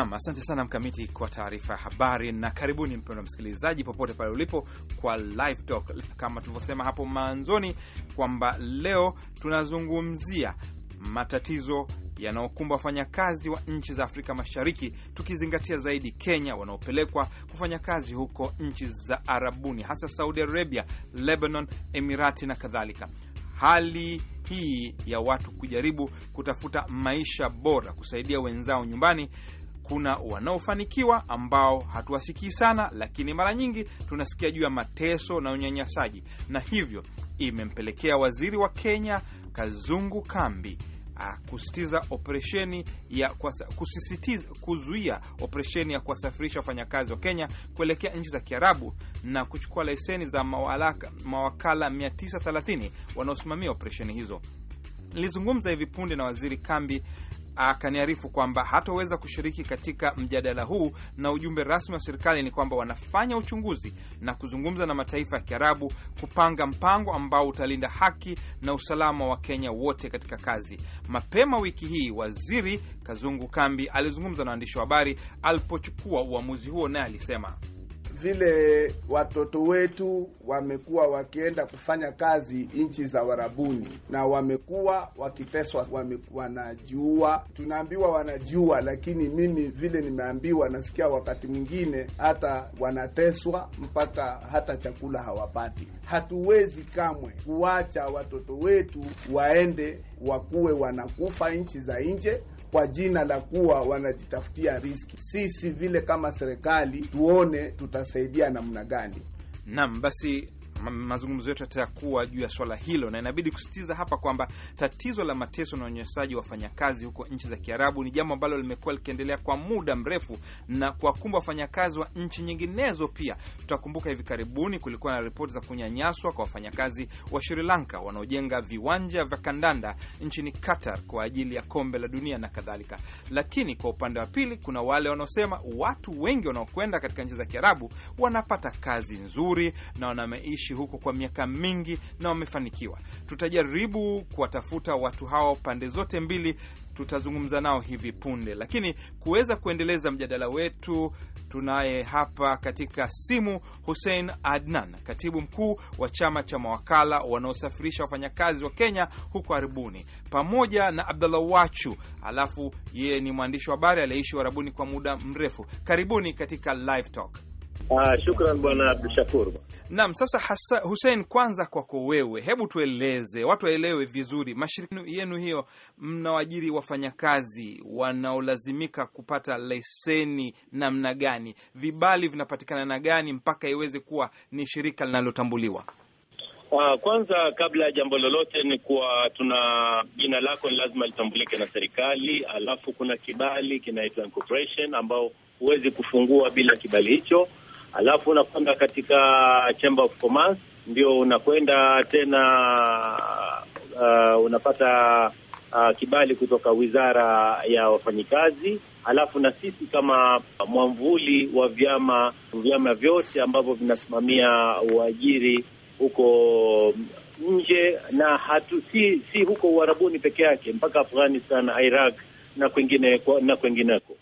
Nam, asante sana Mkamiti kwa taarifa ya habari, na karibuni mpendwa msikilizaji, popote pale ulipo kwa Live Talk. Kama tulivyosema hapo mwanzoni kwamba leo tunazungumzia matatizo yanaokumba wafanyakazi wa nchi za Afrika Mashariki, tukizingatia zaidi Kenya, wanaopelekwa kufanya kazi huko nchi za Arabuni, hasa Saudi Arabia, Lebanon, Emirati na kadhalika. Hali hii ya watu kujaribu kutafuta maisha bora, kusaidia wenzao nyumbani kuna wanaofanikiwa ambao hatuwasikii sana, lakini mara nyingi tunasikia juu ya mateso na unyanyasaji, na hivyo imempelekea waziri wa Kenya Kazungu Kambi kusitiza operesheni ya kusisitiza kuzuia operesheni ya kuwasafirisha wafanyakazi wa Kenya kuelekea nchi za Kiarabu na kuchukua leseni za mawalaka, mawakala 930 wanaosimamia operesheni hizo. Nilizungumza hivi punde na waziri Kambi akaniarifu kwamba hatoweza kushiriki katika mjadala huu, na ujumbe rasmi wa serikali ni kwamba wanafanya uchunguzi na kuzungumza na mataifa ya Kiarabu kupanga mpango ambao utalinda haki na usalama wa Kenya wote katika kazi. Mapema wiki hii, waziri Kazungu Kambi alizungumza na waandishi wa habari alipochukua uamuzi huo, naye alisema vile watoto wetu wamekuwa wakienda kufanya kazi nchi za warabuni na wamekuwa wakiteswa, wame, Tunaambiwa wanajua lakini mimi vile nimeambiwa, nasikia wakati mwingine hata wanateswa mpaka hata chakula hawapati. Hatuwezi kamwe kuwacha watoto wetu waende wakuwe wanakufa nchi za nje kwa jina la kuwa wanajitafutia riski. Sisi vile kama serikali tuone tutasaidia namna gani. Naam, basi mazungumzo yetu yatakuwa juu ya swala hilo, na inabidi kusisitiza hapa kwamba tatizo la mateso na unyanyasaji wa wafanyakazi huko nchi za Kiarabu ni jambo ambalo limekuwa likiendelea kwa muda mrefu na kuwakumba wafanyakazi wa nchi nyinginezo pia. Tutakumbuka hivi karibuni kulikuwa na ripoti za kunyanyaswa kwa wafanyakazi wa Sri Lanka wanaojenga viwanja vya kandanda nchini Qatar kwa ajili ya kombe la dunia na kadhalika. Lakini kwa upande wa pili, kuna wale wanaosema watu wengi wanaokwenda katika nchi za Kiarabu wanapata kazi nzuri na wanameishi wanaishi huko kwa miaka mingi na wamefanikiwa. Tutajaribu kuwatafuta watu hao pande zote mbili, tutazungumza nao hivi punde. Lakini kuweza kuendeleza mjadala wetu, tunaye hapa katika simu Hussein Adnan, katibu mkuu wa chama cha mawakala wanaosafirisha wafanyakazi wa Kenya huko arabuni, pamoja na Abdallah Wachu, alafu yeye ni mwandishi wa habari aliyeishi Arabuni kwa muda mrefu. Karibuni katika Live Talk. Ah, shukran bwana Abdushakur. Naam, sasa hasa Hussein, kwanza kwako wewe, hebu tueleze watu waelewe vizuri mashirika yenu hiyo, mnawaajiri wafanyakazi wanaolazimika kupata leseni namna gani? Vibali vinapatikana na gani mpaka iweze kuwa ni shirika linalotambuliwa? Uh, kwanza kabla ya jambo lolote ni kuwa tuna jina lako ni lazima litambulike na serikali, alafu kuna kibali kinaitwa incorporation ambao huwezi kufungua bila kibali hicho alafu unakwenda katika Chamber of Commerce, ndio unakwenda tena uh, unapata Uh, kibali kutoka Wizara ya Wafanyikazi, alafu na sisi kama mwamvuli wa vyama vyama vyote ambavyo vinasimamia uajiri huko nje, na hatu si, si huko Uarabuni peke yake, mpaka Afghanistan, Iraq na kwingine na kwingineko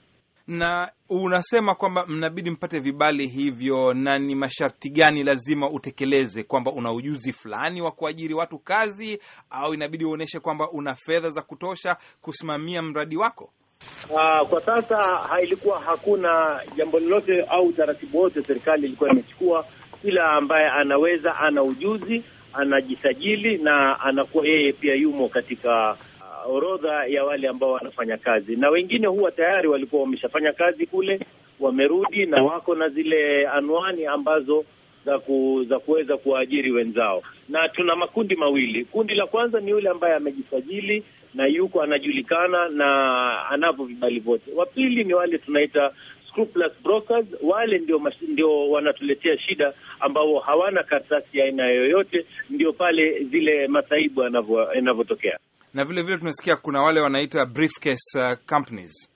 na unasema kwamba mnabidi mpate vibali hivyo, na ni masharti gani lazima utekeleze? Kwamba una ujuzi fulani wa kuajiri watu kazi, au inabidi uonyeshe kwamba una fedha za kutosha kusimamia mradi wako? Uh, kwa sasa ilikuwa hakuna jambo lolote au utaratibu wote serikali ilikuwa imechukua. Kila ambaye anaweza, ana ujuzi, anajisajili na anakuwa yeye pia yumo katika orodha ya wale ambao wanafanya kazi, na wengine huwa tayari walikuwa wameshafanya kazi kule, wamerudi na wako na zile anwani ambazo za ku, za kuweza kuwaajiri wenzao. Na tuna makundi mawili. Kundi la kwanza ni yule ambaye amejisajili na yuko anajulikana na anavyo vibali vyote. Wa pili ni wale tunaita Scrupulous brokers, wale ndio, ndio wanatuletea shida ambao hawana karatasi ya aina yoyote, ndio pale zile masaibu yanavyotokea na vile vile tunasikia kuna wale wanaita briefcase uh, companies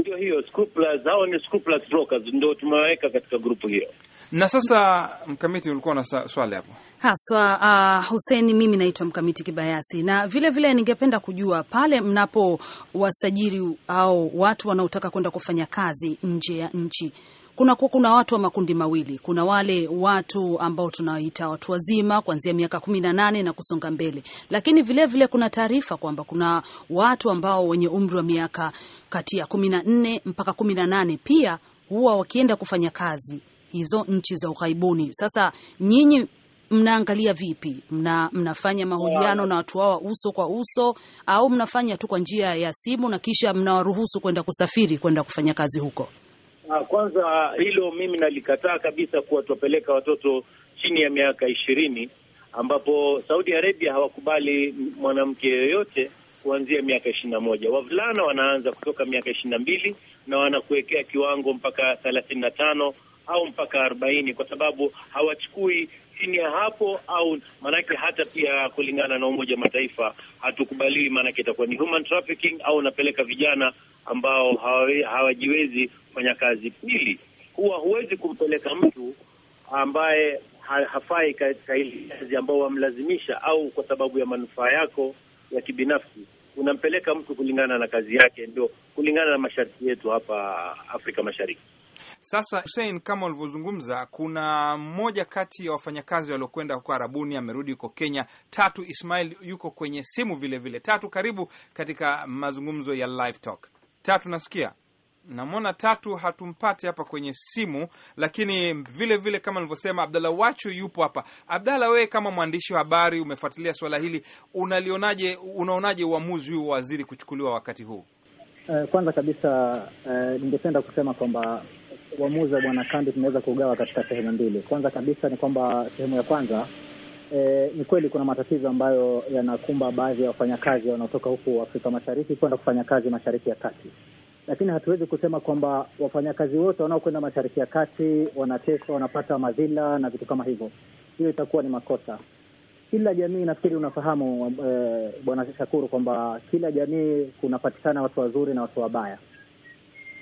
ndio hiyo scrupless, hao ni scrupless brokers, ndio katika grupu hiyo. Na sasa mkamiti, ulikuwa na swali hapo haswa. Uh, Hussein, mimi naitwa mkamiti Kibayasi, na vile vile ningependa kujua pale mnapo wasajiri au watu wanaotaka kwenda kufanya kazi nje ya nchi kuna, kuna watu wa makundi mawili. Kuna wale watu ambao tunawaita watu wazima kuanzia miaka kumi na nane na kusonga mbele, lakini vilevile vile kuna taarifa kwamba kuna watu ambao wenye umri wa miaka kati ya kumi na nne mpaka kumi na nane pia huwa wakienda kufanya kazi hizo nchi za ughaibuni. Sasa nyinyi mnaangalia vipi? Mna, mnafanya mahojiano na watu hawa uso kwa uso au mnafanya tu kwa njia ya simu na kisha mnawaruhusu kwenda kusafiri kwenda kufanya kazi huko? Ah, kwanza hilo mimi nalikataa kabisa, kuwatopeleka watoto chini ya miaka ishirini, ambapo Saudi Arabia hawakubali mwanamke yoyote kuanzia miaka ishirini na moja. Wavulana wanaanza kutoka miaka ishirini na mbili na wanakuwekea kiwango mpaka thelathini na tano au mpaka arobaini kwa sababu hawachukui chini ya hapo au maanake, hata pia kulingana na Umoja wa Mataifa hatukubaliwi, maanake itakuwa ni human trafficking au unapeleka vijana ambao hawajiwezi kufanya kazi. Pili, huwa huwezi kumpeleka mtu ambaye hafai katika hili kazi ambao wamlazimisha au kwa sababu ya manufaa yako ya kibinafsi unampeleka mtu kulingana na kazi yake, ndio kulingana na masharti yetu hapa Afrika Mashariki. Sasa Hussein, kama ulivyozungumza, kuna mmoja kati ya wafanyakazi waliokwenda huko Arabuni amerudi huko Kenya. Tatu Ismail yuko kwenye simu vilevile vile. Tatu, karibu katika mazungumzo ya Live Talk. Tatu, nasikia namwona Tatu hatumpati hapa kwenye simu, lakini vile vile kama nilivyosema, Abdalla Wachu yupo hapa. Abdalla, wewe kama mwandishi wa habari umefuatilia swala hili, unalionaje? Unaonaje uamuzi huu wa waziri kuchukuliwa wakati huu? Eh, kwanza kabisa, eh, ningependa kusema kwamba uamuzi wa bwana Kambi tunaweza kugawa katika sehemu mbili. Kwanza kabisa ni kwamba sehemu ya kwanza E, ni kweli kuna matatizo ambayo yanakumba baadhi ya wafanyakazi wanaotoka huku Afrika Mashariki kwenda kufanya kazi Mashariki ya Kati, lakini hatuwezi kusema kwamba wafanyakazi wote wanaokwenda Mashariki ya Kati wanateswa, wanapata madhila na vitu kama hivyo. Hiyo itakuwa ni makosa. Kila jamii, nafikiri unafahamu e, Bwana Shakuru, kwamba kila jamii kunapatikana watu wazuri na watu wabaya.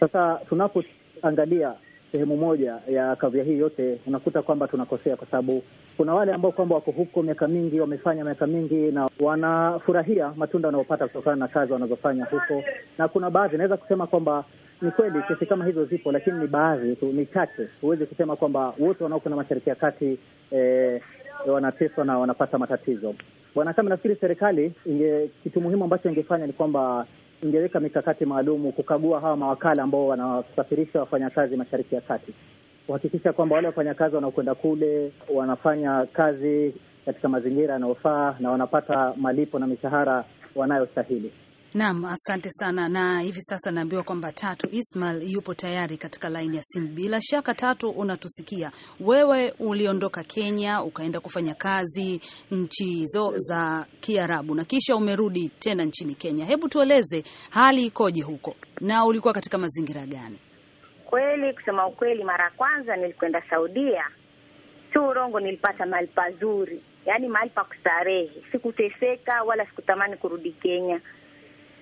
Sasa tunapo angalia sehemu moja ya kavya hii yote, unakuta kwamba tunakosea, kwa sababu kuna wale ambao kwamba wako huko miaka mingi, wamefanya miaka mingi na wanafurahia matunda wanayopata kutokana na kazi wanazofanya huko, na kuna baadhi naweza kusema kwamba ni kweli kesi kama hizo zipo, lakini ni baadhi tu, ni chache. Huwezi kusema kwamba wote wanaoko na mashariki ya kati eh, wanateswa na wanapata matatizo bwana. Kama nafikiri serikali inge, kitu muhimu ambacho ingefanya ni kwamba ingeweka mikakati maalumu kukagua hawa mawakala ambao wanawasafirisha wafanyakazi mashariki ya kati, kuhakikisha kwamba wale wafanyakazi wanaokwenda kule wanafanya kazi katika mazingira yanayofaa na wanapata malipo na mishahara wanayostahili. Naam, asante sana. Na hivi sasa naambiwa kwamba Tatu Ismail yupo tayari katika laini ya simu. Bila shaka, Tatu, unatusikia wewe. Uliondoka Kenya ukaenda kufanya kazi nchi hizo za Kiarabu na kisha umerudi tena nchini Kenya. Hebu tueleze hali ikoje huko na ulikuwa katika mazingira gani? Kweli, kusema ukweli, mara ya kwanza nilikwenda Saudia, si urongo, nilipata mahali pazuri, yaani mahali pa kustarehe. Sikuteseka wala sikutamani kurudi Kenya.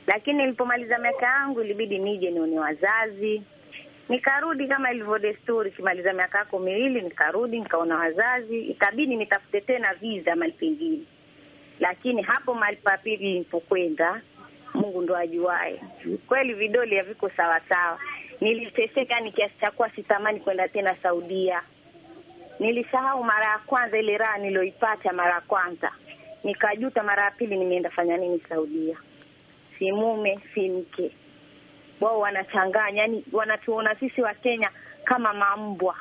Lakini nilipomaliza miaka yangu ilibidi nije nione wazazi, nikarudi kama ilivyo desturi. Kimaliza miaka yako miwili, nikarudi nikaona wazazi, ikabidi nitafute tena visa mahali pengine. Lakini hapo mahali pa pili nilipokwenda, Mungu ndo ajuae, kweli vidole haviko sawasawa. Niliteseka ni kiasi cha kuwa sitamani kwenda tena Saudia. Nilisahau mara ya kwanza ile raha niliyoipata mara ya kwanza, nikajuta mara ya pili, nimeenda fanya nini Saudia si mume si mke. Wao wanachanganya, yani wanatuona sisi Wakenya kama mambwa.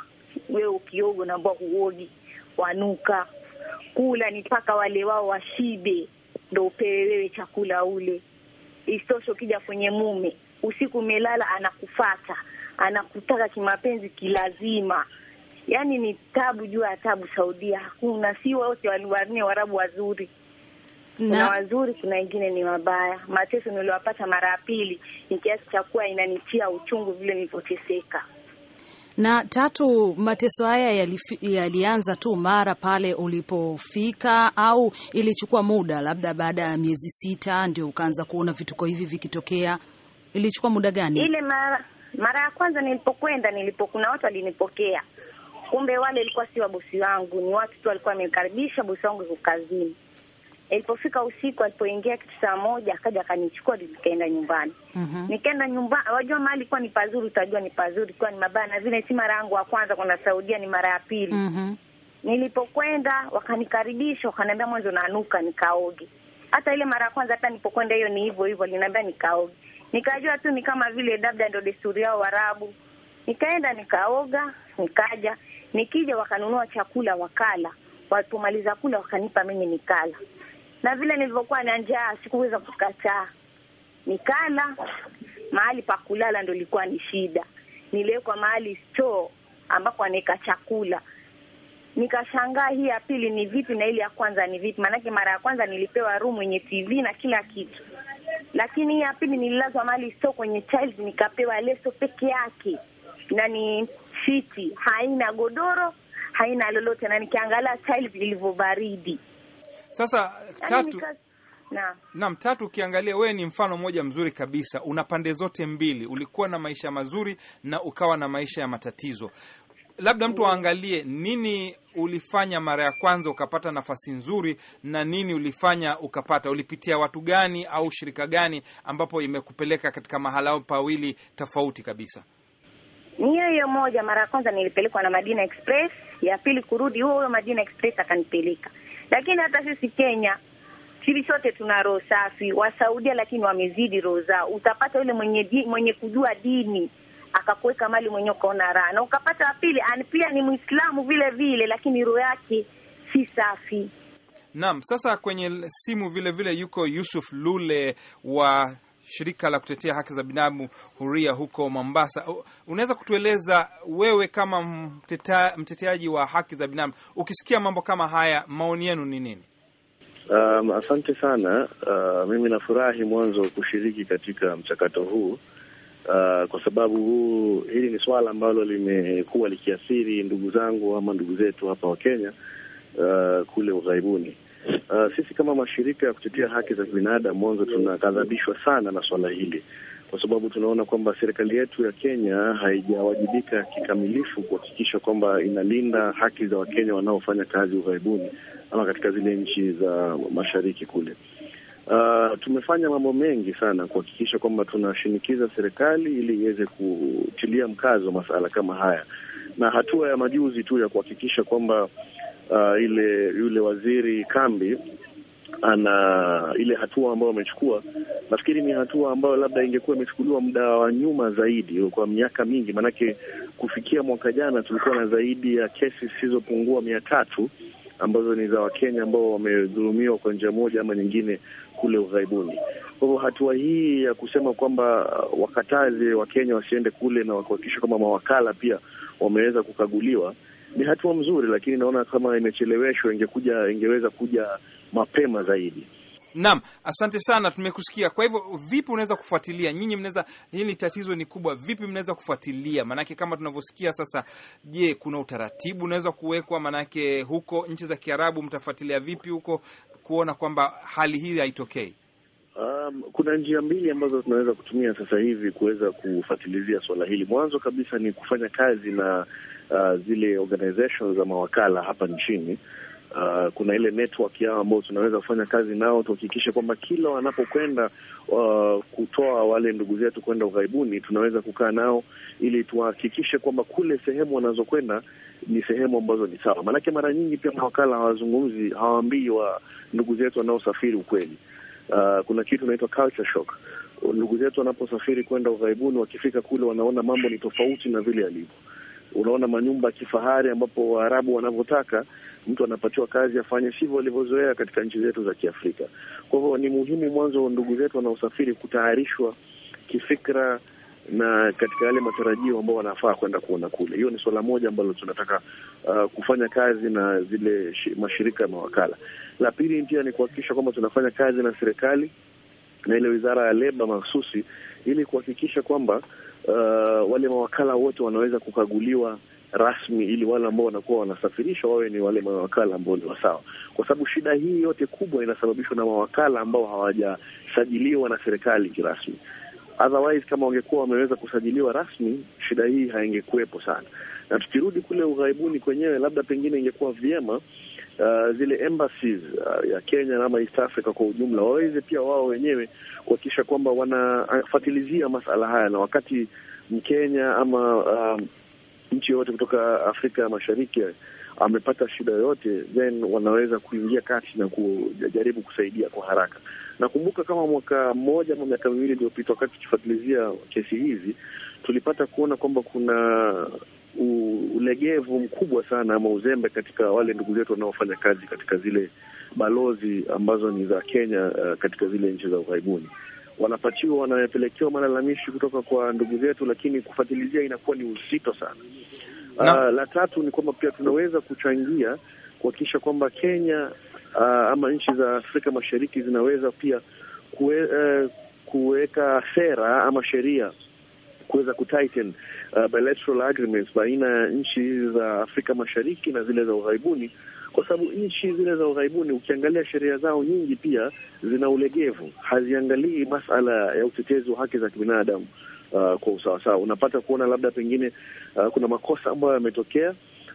Wewe ukiogo unaambia huogi, wanuka. Kula ni mpaka wale wao washibe ndo upewe wewe chakula ule. istosho ukija kwenye mume, usiku umelala, anakufata anakutaka kimapenzi, kilazima. Yani ni tabu juu ya tabu. Saudia hakuna, si wote waliwanne warabu wazuri kuna na wazuri, kuna wengine ni wabaya. Mateso niliyopata mara ya pili ni kiasi cha kuwa inanitia uchungu vile nilivyoteseka. Na tatu, mateso haya yali, yalianza tu mara pale ulipofika au ilichukua muda, labda baada ya miezi sita ndio ukaanza kuona vituko hivi vikitokea? Ilichukua muda gani? Ile mara mara ya kwanza nilipokwenda, nilipo kuna watu walinipokea, kumbe wale walikuwa si wabosi wangu, ni watu tu walikuwa wamekaribisha bosi wangu kazini Ilipofika usiku, alipoingia kitu saa moja, akaja akanichukua, nikaenda nyumbani. mm -hmm. Nikaenda nyumbani, wajua mahali kuwa ni pazuri, utajua ni pazuri, kuwa ni mabaya, na vile si mara yangu wa kwanza kwenda Saudia, ni mara ya pili. mm -hmm. Nilipokwenda wakanikaribisha, wakaniambia mwanzo nanuka, nikaoge. Hata ile mara ya kwanza, hata nilipokwenda hiyo ni hivyo hivyo, linaambia nikaoge. Nikajua tu ni kama vile labda ndo desturi yao Warabu. Nikaenda nikaoga, nikaja, nikija wakanunua chakula wakala. Walipomaliza kula, wakanipa mimi nikala na vile nilivyokuwa na njaa sikuweza kukataa, nikala. Mahali pa kulala ndo ilikuwa ni shida, niliwekwa mahali store ambapo anaweka chakula. Nikashangaa hii ya pili ni vipi na ile ya kwanza ni vipi? Maanake mara ya kwanza nilipewa room yenye TV na kila kitu, lakini hii ya pili nililazwa mahali store kwenye child, nikapewa leso peke yake na ni fiti, haina godoro haina lolote, na nikiangalia child ilivyo baridi sasa yaani tatu naam, tatu ukiangalia wewe ni mfano mmoja mzuri kabisa, una pande zote mbili, ulikuwa na maisha mazuri na ukawa na maisha ya matatizo. Labda mtu aangalie nini ulifanya mara ya kwanza ukapata nafasi nzuri, na nini ulifanya ukapata, ulipitia watu gani au shirika gani ambapo imekupeleka katika mahala pawili tofauti kabisa? Ni hiyo hiyo moja. Mara ya kwanza nilipelekwa na Madina Express, ya pili kurudi huo huyo Madina Express akanipeleka lakini hata sisi Kenya sisi sote tuna roho safi. Wasaudia lakini wamezidi roho zao. Utapata yule mwenye di, mwenye kujua dini akakuweka mali mwenye ukaona raha, na ukapata pili pia ni muislamu vile vile, lakini roho yake si safi. Naam, sasa kwenye simu vile vile yuko Yusuf Lule wa shirika la kutetea haki za binadamu Huria huko Mombasa. Unaweza kutueleza wewe, kama mteteaji wa haki za binadamu, ukisikia mambo kama haya, maoni yenu ni nini? Um, asante sana. Uh, mimi nafurahi mwanzo kushiriki katika mchakato huu uh, kwa sababu huu hili ni swala ambalo limekuwa likiathiri ndugu zangu ama ndugu zetu hapa wa Kenya uh, kule ughaibuni Uh, sisi kama mashirika ya kutetea haki za kibinadamu mwanzo tunaghadhabishwa sana na suala hili, kwa sababu tunaona kwamba serikali yetu ya Kenya haijawajibika kikamilifu kuhakikisha kwamba inalinda haki za Wakenya wanaofanya kazi ughaibuni ama katika zile nchi za mashariki kule. Uh, tumefanya mambo mengi sana kuhakikisha kwamba tunashinikiza serikali ili iweze kutilia mkazo masala kama haya, na hatua ya majuzi tu ya kuhakikisha kwamba uh, ile yule waziri Kambi ana ile hatua ambayo amechukua, nafikiri ni hatua ambayo labda ingekuwa imechukuliwa muda wa nyuma zaidi, kwa miaka mingi. Maanake kufikia mwaka jana tulikuwa na zaidi ya kesi zisizopungua mia tatu ambazo ni za Wakenya ambao wamedhulumiwa kwa njia moja ama nyingine kule ughaibuni. Kwa hivyo hatua hii ya kusema kwamba uh, wakataze Wakenya wasiende kule na kuhakikisha kwamba mawakala pia wameweza kukaguliwa ni hatua mzuri, lakini naona kama imecheleweshwa, ingekuja ingeweza kuja mapema zaidi. Naam, asante sana, tumekusikia. Kwa hivyo vipi unaweza kufuatilia nyinyi, mnaweza hili tatizo ni kubwa, vipi mnaweza kufuatilia? Maanake kama tunavyosikia sasa, je, kuna utaratibu unaweza kuwekwa? Maanake huko nchi za Kiarabu mtafuatilia vipi huko kuona kwamba hali hii haitokei? Um, kuna njia mbili ambazo tunaweza kutumia sasa hivi kuweza kufuatilizia swala hili. Mwanzo kabisa ni kufanya kazi na uh, zile organization za mawakala hapa nchini. Uh, kuna ile network yao ambao tunaweza kufanya kazi nao, tuhakikishe kwamba kila wanapokwenda uh, kutoa wale ndugu zetu kwenda ughaibuni, tunaweza kukaa nao ili tuhakikishe kwamba kule sehemu wanazokwenda ni sehemu ambazo ni sawa. Maanake mara nyingi pia mawakala hawazungumzi, hawaambii wa ndugu zetu wanaosafiri ukweli. Uh, kuna kitu inaitwa culture shock. Ndugu zetu wanaposafiri kwenda ughaibuni, wakifika kule wanaona mambo ni tofauti na vile yalivyo. Unaona manyumba ya kifahari ambapo Waarabu wanavyotaka mtu anapatiwa kazi afanye sivyo walivyozoea katika nchi zetu za Kiafrika. Kwa hivyo ni muhimu mwanzo ndugu zetu wanaosafiri kutayarishwa kifikra na katika yale matarajio ambao wanafaa kwenda kuona kule. Hiyo ni suala moja ambalo tunataka uh, kufanya kazi na zile mashirika ya mawakala. La pili pia ni kuhakikisha kwamba tunafanya kazi na serikali na ile wizara ya leba mahsusi ili kuhakikisha kwamba uh, wale mawakala wote wanaweza kukaguliwa rasmi ili wale ambao wanakuwa wanasafirishwa wawe ni wale mawakala ambao ni wasawa, kwa sababu shida hii yote kubwa inasababishwa na mawakala ambao hawajasajiliwa na serikali kirasmi. Otherwise, kama wangekuwa wameweza kusajiliwa rasmi, shida hii haingekuwepo sana. Na tukirudi kule ughaibuni kwenyewe, labda pengine ingekuwa vyema uh, zile embassies uh, ya Kenya ama East Africa kwa ujumla waweze pia wao wenyewe kuhakikisha kwamba wanafatilizia masala haya, na wakati Mkenya ama um, nchi yoyote kutoka Afrika ya Mashariki amepata shida yoyote, then wanaweza kuingia kati na kujaribu kusaidia kwa haraka. Nakumbuka kama mwaka mmoja ama miaka miwili iliyopita, wakati tukifuatilizia kesi hizi, tulipata kuona kwamba kuna ulegevu mkubwa sana ama uzembe katika wale ndugu zetu wanaofanya kazi katika zile balozi ambazo ni za Kenya uh, katika zile nchi za ughaibuni wanapatiwa wanapelekewa malalamishi kutoka kwa ndugu zetu, lakini kufatilizia inakuwa ni uzito sana no. Uh, ah, la tatu ni kwamba pia tunaweza kuchangia kuhakikisha kwamba Kenya uh, ama nchi za Afrika Mashariki zinaweza pia eh, kuweka uh, sera ama sheria kuweza kutighten uh, bilateral agreements baina ya nchi za Afrika Mashariki na zile za ughaibuni, kwa sababu nchi zile za ughaibuni ukiangalia sheria zao nyingi pia zina ulegevu, haziangalii masala ya utetezi wa haki za kibinadamu uh, kwa usawasawa. Unapata kuona labda pengine uh, kuna makosa ambayo yametokea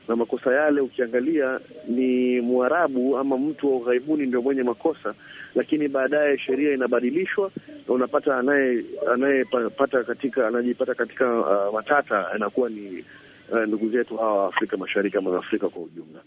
na makosa yale ukiangalia ni Mwarabu ama mtu wa ughaibuni ndio mwenye makosa, lakini baadaye sheria inabadilishwa na unapata anaye anayepata katika anajipata katika uh, matata anakuwa ni uh, ndugu zetu hawa wa Afrika Mashariki ama Afrika kwa ujumla.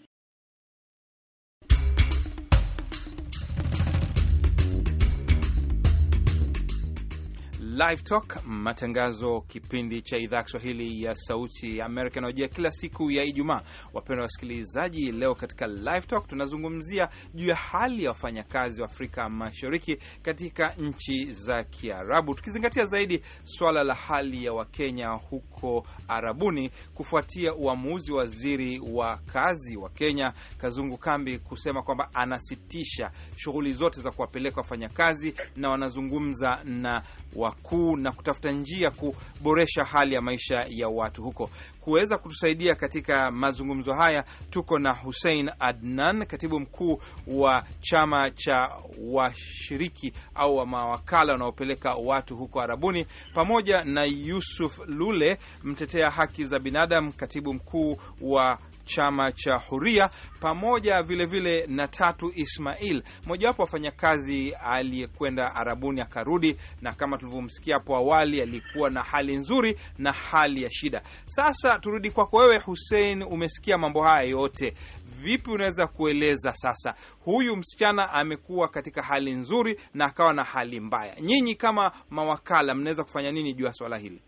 Live Talk, matangazo kipindi cha idhaa ya Kiswahili ya Sauti ya Amerika inayojia kila siku ya Ijumaa. Wapendwa wasikilizaji, leo katika Live Talk tunazungumzia juu ya hali ya wafanyakazi wa Afrika Mashariki katika nchi za Kiarabu, tukizingatia zaidi swala la hali ya Wakenya huko Arabuni kufuatia uamuzi wa waziri wa kazi wa Kenya Kazungu Kambi kusema kwamba anasitisha shughuli zote za kuwapeleka wafanyakazi na wanazungumza na waku kuu na kutafuta njia kuboresha hali ya maisha ya watu huko. Kuweza kutusaidia katika mazungumzo haya, tuko na Hussein Adnan, katibu mkuu wa chama cha washiriki au wa mawakala wanaopeleka watu huko Arabuni, pamoja na Yusuf Lule, mtetea haki za binadamu, katibu mkuu wa chama cha Huria, pamoja vilevile vile na Tatu Ismail, mojawapo wafanyakazi aliyekwenda Arabuni akarudi, na kama tulivyo tulivyosikia hapo awali alikuwa na hali nzuri na hali ya shida. Sasa turudi kwako wewe Hussein, umesikia mambo haya yote, vipi unaweza kueleza sasa, huyu msichana amekuwa katika hali nzuri na akawa na hali mbaya, nyinyi kama mawakala mnaweza kufanya nini juu ya swala hili?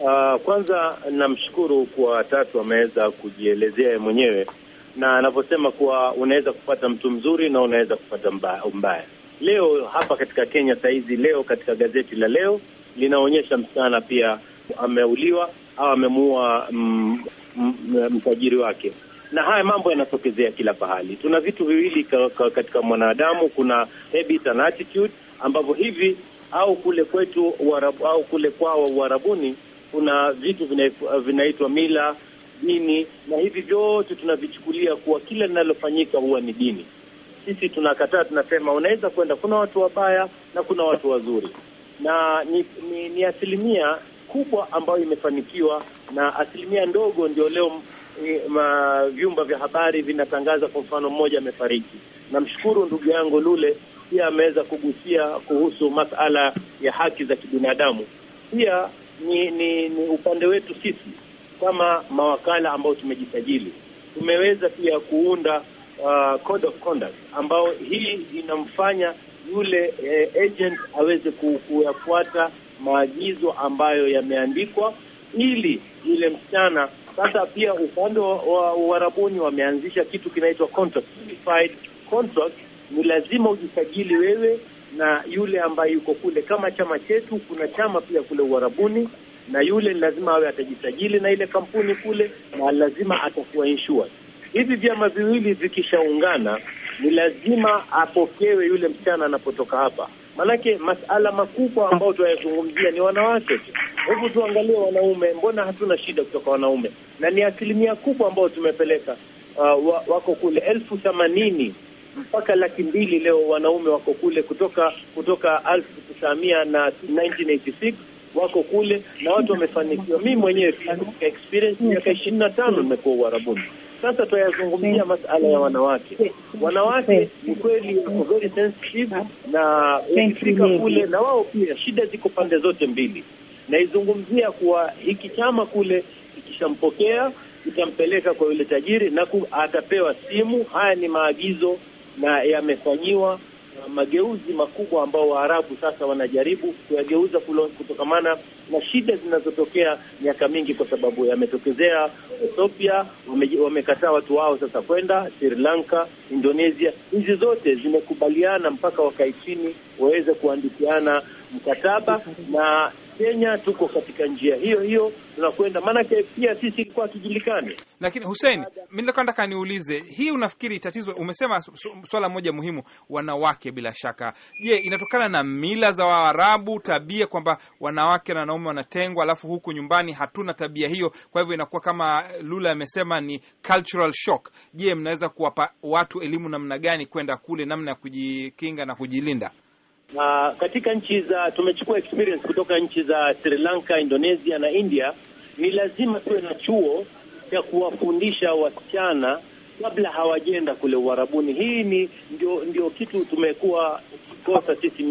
Uh, kwanza namshukuru kwa watatu ameweza kujielezea mwenyewe na anavyosema kuwa unaweza kupata mtu mzuri na unaweza kupata mbaya, mbaya leo hapa katika Kenya sahizi, leo katika gazeti la leo linaonyesha msichana pia ameuliwa au amemuua mtajiri mm, mm, mm, wake, na haya mambo yanatokezea kila pahali. Tuna vitu viwili katika mwanadamu, kuna habit and attitude, ambavyo hivi au kule kwetu warabu, au kule kwao Uarabuni kuna vitu vinaitwa mila, dini, na hivi vyote tunavichukulia kuwa kila linalofanyika huwa ni dini sisi tunakataa, tunasema unaweza kwenda, kuna watu wabaya na kuna watu wazuri, na ni, ni, ni asilimia kubwa ambayo imefanikiwa na asilimia ndogo ndio leo e, vyumba vya habari vinatangaza. Kwa mfano mmoja amefariki. Namshukuru ndugu yangu Lule, pia ameweza kugusia kuhusu masala ya haki za kibinadamu. Pia ni, ni, ni upande wetu sisi kama mawakala ambao tumejisajili tumeweza pia kuunda uh, code of conduct ambao hii inamfanya yule eh, agent aweze kuyafuata maagizo ambayo yameandikwa, ili yule msichana sasa. Pia upande wa Uarabuni wa wameanzisha kitu kinaitwa contract, unified contract. Ni lazima ujisajili wewe na yule ambaye yuko kule, kama chama chetu, kuna chama pia kule Uarabuni, na yule lazima awe atajisajili na ile kampuni kule, na lazima atakuwa insured hivi vyama viwili vikishaungana, ni lazima apokewe yule msichana anapotoka hapa, maanake masala makubwa ambayo tunayazungumzia ni wanawake Hebu tuangalie wanaume, mbona hatuna shida kutoka wanaume? Na ni asilimia kubwa ambayo tumepeleka uh, wako kule elfu themanini mpaka laki mbili leo wanaume wako kule kutoka kutoka elfu tisa mia na 1986 wako kule na watu wamefanikiwa. Mi mwenyewe experience miaka ishirini na tano nimekuwa Uarabuni. Sasa tunayazungumzia masala ya wanawake. Wanawake ni kweli wako very sensitive, ah. na ukifika kule na wao pia shida ziko pande zote mbili. Naizungumzia kuwa hiki chama kule ikishampokea itampeleka kwa yule tajiri na ku, atapewa simu. Haya ni maagizo na yamefanyiwa mageuzi makubwa ambao Waarabu sasa wanajaribu kuyageuza kutokamana na shida zinazotokea miaka mingi, kwa sababu yametokezea Ethiopia, wame, wamekataa watu wao sasa kwenda Sri Lanka, Indonesia. Nchi zote zimekubaliana mpaka wakae chini waweze kuandikiana mkataba na Kenya tuko katika njia hiyo hiyo tunakwenda, maanake pia sisi ilikuwa hatujulikani. Lakini Hussein, mi nataka niulize hii, unafikiri tatizo, umesema swala moja muhimu, wanawake bila shaka. Je, inatokana na mila za Waarabu, tabia kwamba wanawake na wanaume wanatengwa, alafu huku nyumbani hatuna tabia hiyo, kwa hivyo inakuwa kama Lula amesema ni cultural shock. Je, mnaweza kuwapa watu elimu namna gani kwenda kule, namna ya kujikinga na kujilinda? Uh, katika nchi za tumechukua experience kutoka nchi za Sri Lanka, Indonesia na India. Ni lazima tuwe na chuo cha kuwafundisha wasichana kabla hawajenda kule uharabuni. Hii ni ndio, ndio kitu tumekuwa kosa sisi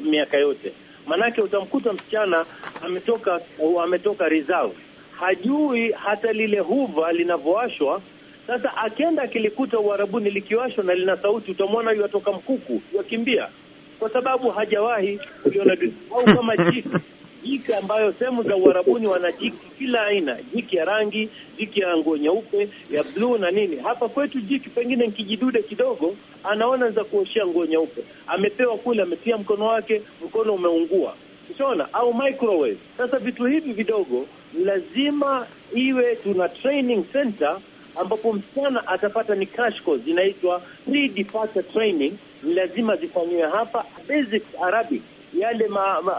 miaka, yote, manake utamkuta msichana ametoka ametoka reserve, hajui hata lile huva linavyowashwa. Sasa akienda akilikuta uharabuni likiwashwa na lina sauti, utamwona yuatoka mkuku yakimbia kwa sababu hajawahi kuliona au kama jiki jiki ambayo sehemu za Uarabuni wana jiki kila aina, jiki ya rangi, jiki ya nguo nyeupe, ya bluu na nini. Hapa kwetu jiki pengine nkijidude kidogo, anaona za kuoshea nguo nyeupe, amepewa kule, ametia mkono wake, mkono umeungua ushaona au microwave. Sasa vitu hivi vidogo lazima iwe tuna training center ambapo msichana atapata ni crash course zinaitwa pre departure training, ni lazima zifanyiwe hapa. Basic Arabic yale ma, ma,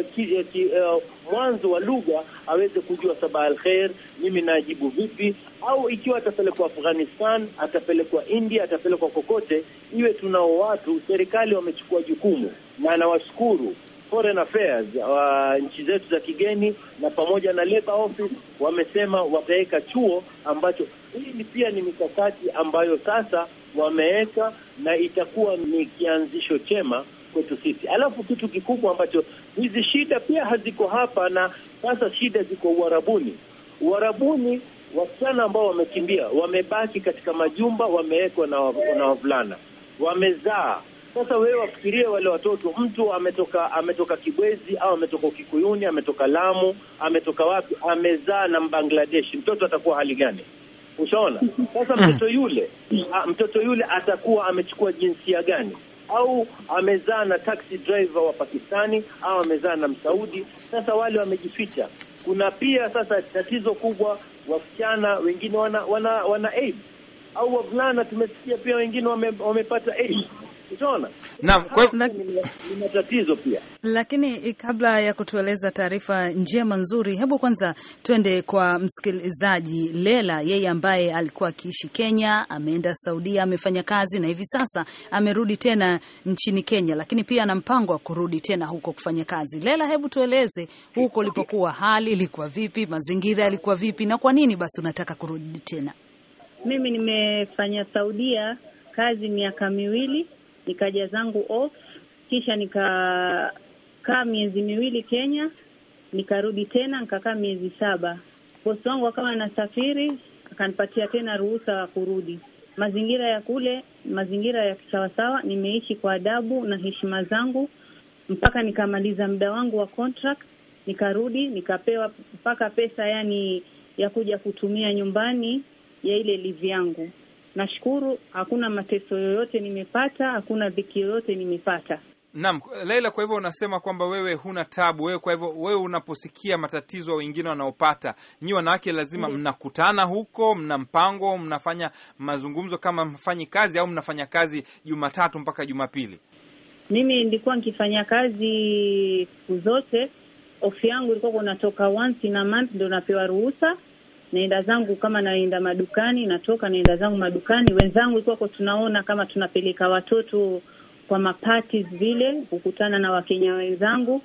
uh, ki, uh, mwanzo wa lugha aweze kujua sabah al mimi najibu vipi, au ikiwa atapelekwa Afghanistan, atapelekwa India, atapelekwa kokote, iwe tunao watu serikali wamechukua jukumu, na nawashukuru Foreign Affairs wa nchi zetu za kigeni na pamoja na labor Office wamesema wataweka chuo ambacho hii pia ni mikakati ambayo sasa wameweka na itakuwa ni kianzisho chema kwetu sisi. Alafu kitu kikubwa ambacho hizi shida pia haziko hapa, na sasa shida ziko Uarabuni. Uarabuni wasichana ambao wamekimbia wamebaki katika majumba, wamewekwa na wavulana, wamezaa sasa wewe wafikirie wale watoto, mtu ametoka ametoka Kibwezi au ametoka Ukikuyuni, ametoka Lamu, ametoka wapi, amezaa na Bangladesh, mtoto atakuwa hali gani? Ushaona? Sasa hmm. mtoto yule a, mtoto yule atakuwa amechukua jinsia gani? Au amezaa na taxi driver wa Pakistani au amezaa na Msaudi. Sasa wale wamejificha. Kuna pia sasa tatizo kubwa, wasichana wengine wana wana, wana AIDS au wavulana tumesikia pia wengine wame, wamepata AIDS. Utaona ni matatizo pia. Lakini eh, kabla ya kutueleza taarifa njema nzuri, hebu kwanza twende kwa msikilizaji Lela, yeye ambaye alikuwa akiishi Kenya, ameenda Saudia, amefanya kazi na hivi sasa amerudi tena nchini Kenya, lakini pia ana mpango wa kurudi tena huko kufanya kazi. Lela, hebu tueleze huko ulipokuwa, hali ilikuwa vipi? Mazingira yalikuwa vipi? Na kwa nini basi unataka kurudi tena? Mimi nimefanya Saudia kazi miaka miwili nikaja zangu off, kisha nikakaa miezi miwili Kenya, nikarudi tena nikakaa miezi saba. Bosi wangu akawa anasafiri, akanipatia tena ruhusa ya kurudi. Mazingira ya kule, mazingira ya kisawasawa, nimeishi kwa adabu na heshima zangu mpaka nikamaliza muda wangu wa contract, nikarudi nikapewa mpaka pesa yani ya kuja kutumia nyumbani ya ile livi yangu. Nashukuru, hakuna mateso yoyote nimepata, hakuna dhiki yoyote nimepata. Naam, Leila, kwa hivyo unasema kwamba wewe huna tabu wewe. Kwa hivyo wewe unaposikia matatizo wengine wanaopata, nyi wanawake lazima mm -hmm. mnakutana huko, mna mpango, mnafanya mazungumzo kama mfanyi kazi au mnafanya kazi Jumatatu mpaka Jumapili? Mimi nilikuwa nikifanya kazi siku zote, ofi yangu ilikuwa kunatoka once in a month, ndio napewa ruhusa naenda zangu kama naenda madukani, natoka naenda zangu madukani. Wenzangu kwako tunaona kama tunapeleka watoto kwa mapati vile, kukutana na wakenya wenzangu,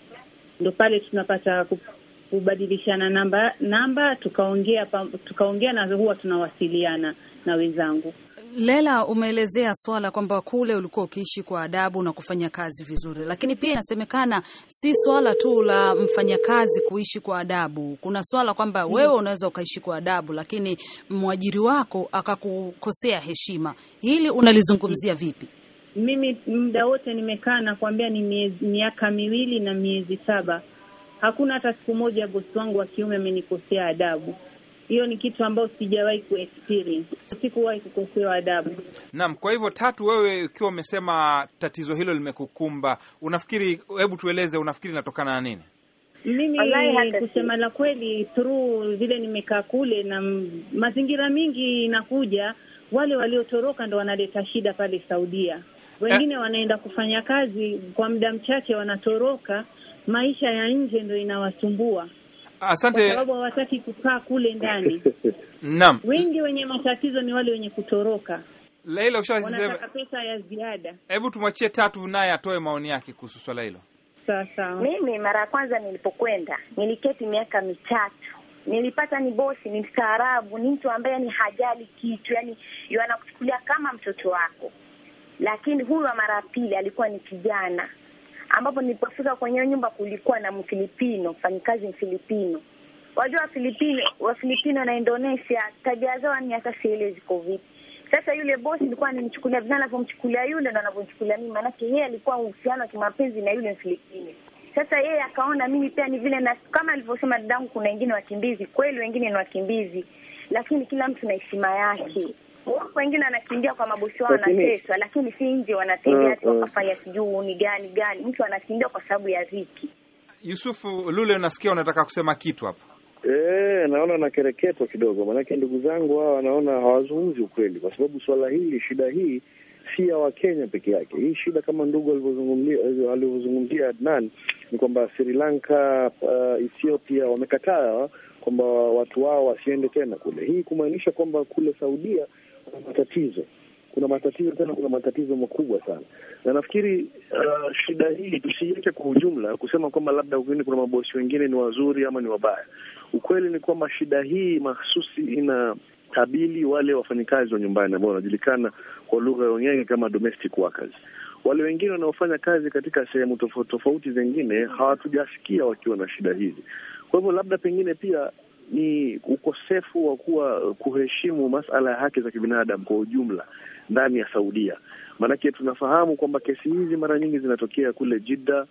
ndo pale tunapata kubadilishana namba namba, tukaongea tukaongea na huwa tunawasiliana na wenzangu. Lela, umeelezea swala kwamba kule ulikuwa ukiishi kwa adabu na kufanya kazi vizuri, lakini pia inasemekana si swala tu la mfanyakazi kuishi kwa adabu. Kuna swala kwamba mm-hmm. wewe unaweza ukaishi kwa adabu, lakini mwajiri wako akakukosea heshima. Hili unalizungumzia mm-hmm. vipi? Mimi muda wote nimekaa na kuambia ni miaka miwili na miezi saba, hakuna hata siku moja bosi wangu wa kiume amenikosea adabu hiyo ni kitu ambayo sijawahi kuexperience, sikuwahi kukosewa adabu. Naam, kwa hivyo Tatu, wewe ukiwa umesema tatizo hilo limekukumba, unafikiri, hebu tueleze, unafikiri inatokana na nini? Mimi kusema la kweli, through vile nimekaa kule na mazingira mingi inakuja wale waliotoroka ndo wanaleta shida pale Saudia. Wengine eh, wanaenda kufanya kazi kwa muda mchache, wanatoroka. Maisha ya nje ndo inawasumbua. Asante. Kwa sababu hawataki kukaa kule ndani. Naam, wengi wenye matatizo ni wale wenye kutoroka. Laila, wanataka pesa ya ziada. Hebu tumwachie Tatu naye atoe maoni yake kuhusu swala hilo. Sawa sawa. Mimi mara ya kwanza nilipokwenda niliketi miaka mitatu nilipata ni bosi, ni mstaarabu, ni mtu ambaye ni hajali kitu, yani anakuchukulia kama mtoto wako. Lakini huyu wa mara pili alikuwa ni kijana ambapo nilipofika kwenye nyumba kulikuwa na Mfilipino, mfanyikazi Mfilipino. Wajua Wafilipino, Wafilipino na Indonesia tabia zao ni hata sielezi ko vipi. Sasa yule bosi nilikuwa nimchukulia vizana, anavyomchukulia yule ndo anavyomchukulia mimi, maanake yeye alikuwa uhusiano wa kimapenzi na yule Mfilipino. Sasa yeye akaona mimi pia ni vile, na kama alivyosema dadangu, kuna wengine wakimbizi kweli, wengine ni wakimbizi, lakini kila mtu na heshima yake wengine anakimbia kwa mabosi wao, wanateswa, lakini si nje wanatembea mm, ati mm. wakafanya sijuu ni gani gani. Mtu anakimbia kwa sababu ya dhiki. Yusufu Lule, unasikia unataka kusema kitu hapa? E, naona nakereketwa kidogo, maanake ndugu zangu hawa wanaona hawazungumzi ukweli, kwa sababu swala hili, shida hii si ya Wakenya peke yake. Hii shida kama ndugu alivyozungumzia Adnan ni kwamba Sri Lanka, uh, Ethiopia wamekataa kwamba watu wao wasiende tena kule. Hii kumaanisha kwamba kule Saudia kuna matatizo, kuna matatizo tena, kuna matatizo makubwa sana, na nafikiri uh, shida hii tusiiweke kwa ujumla kusema kwamba labda kuna mabosi wengine ni wazuri ama ni wabaya. Ukweli ni kwamba shida hii mahsusi ina kabili wale wafanyakazi wa nyumbani ambao wanajulikana kwa lugha ya wengine kama domestic workers. Wale wengine wanaofanya kazi katika sehemu tofauti tofauti zingine hawatujasikia wakiwa na shida hizi. Kwa hivyo labda pengine pia ni ukosefu wa kuwa uh, kuheshimu masala ya haki za kibinadamu kwa ujumla ndani ya Saudia. Maanake tunafahamu kwamba kesi hizi mara nyingi zinatokea kule Jidda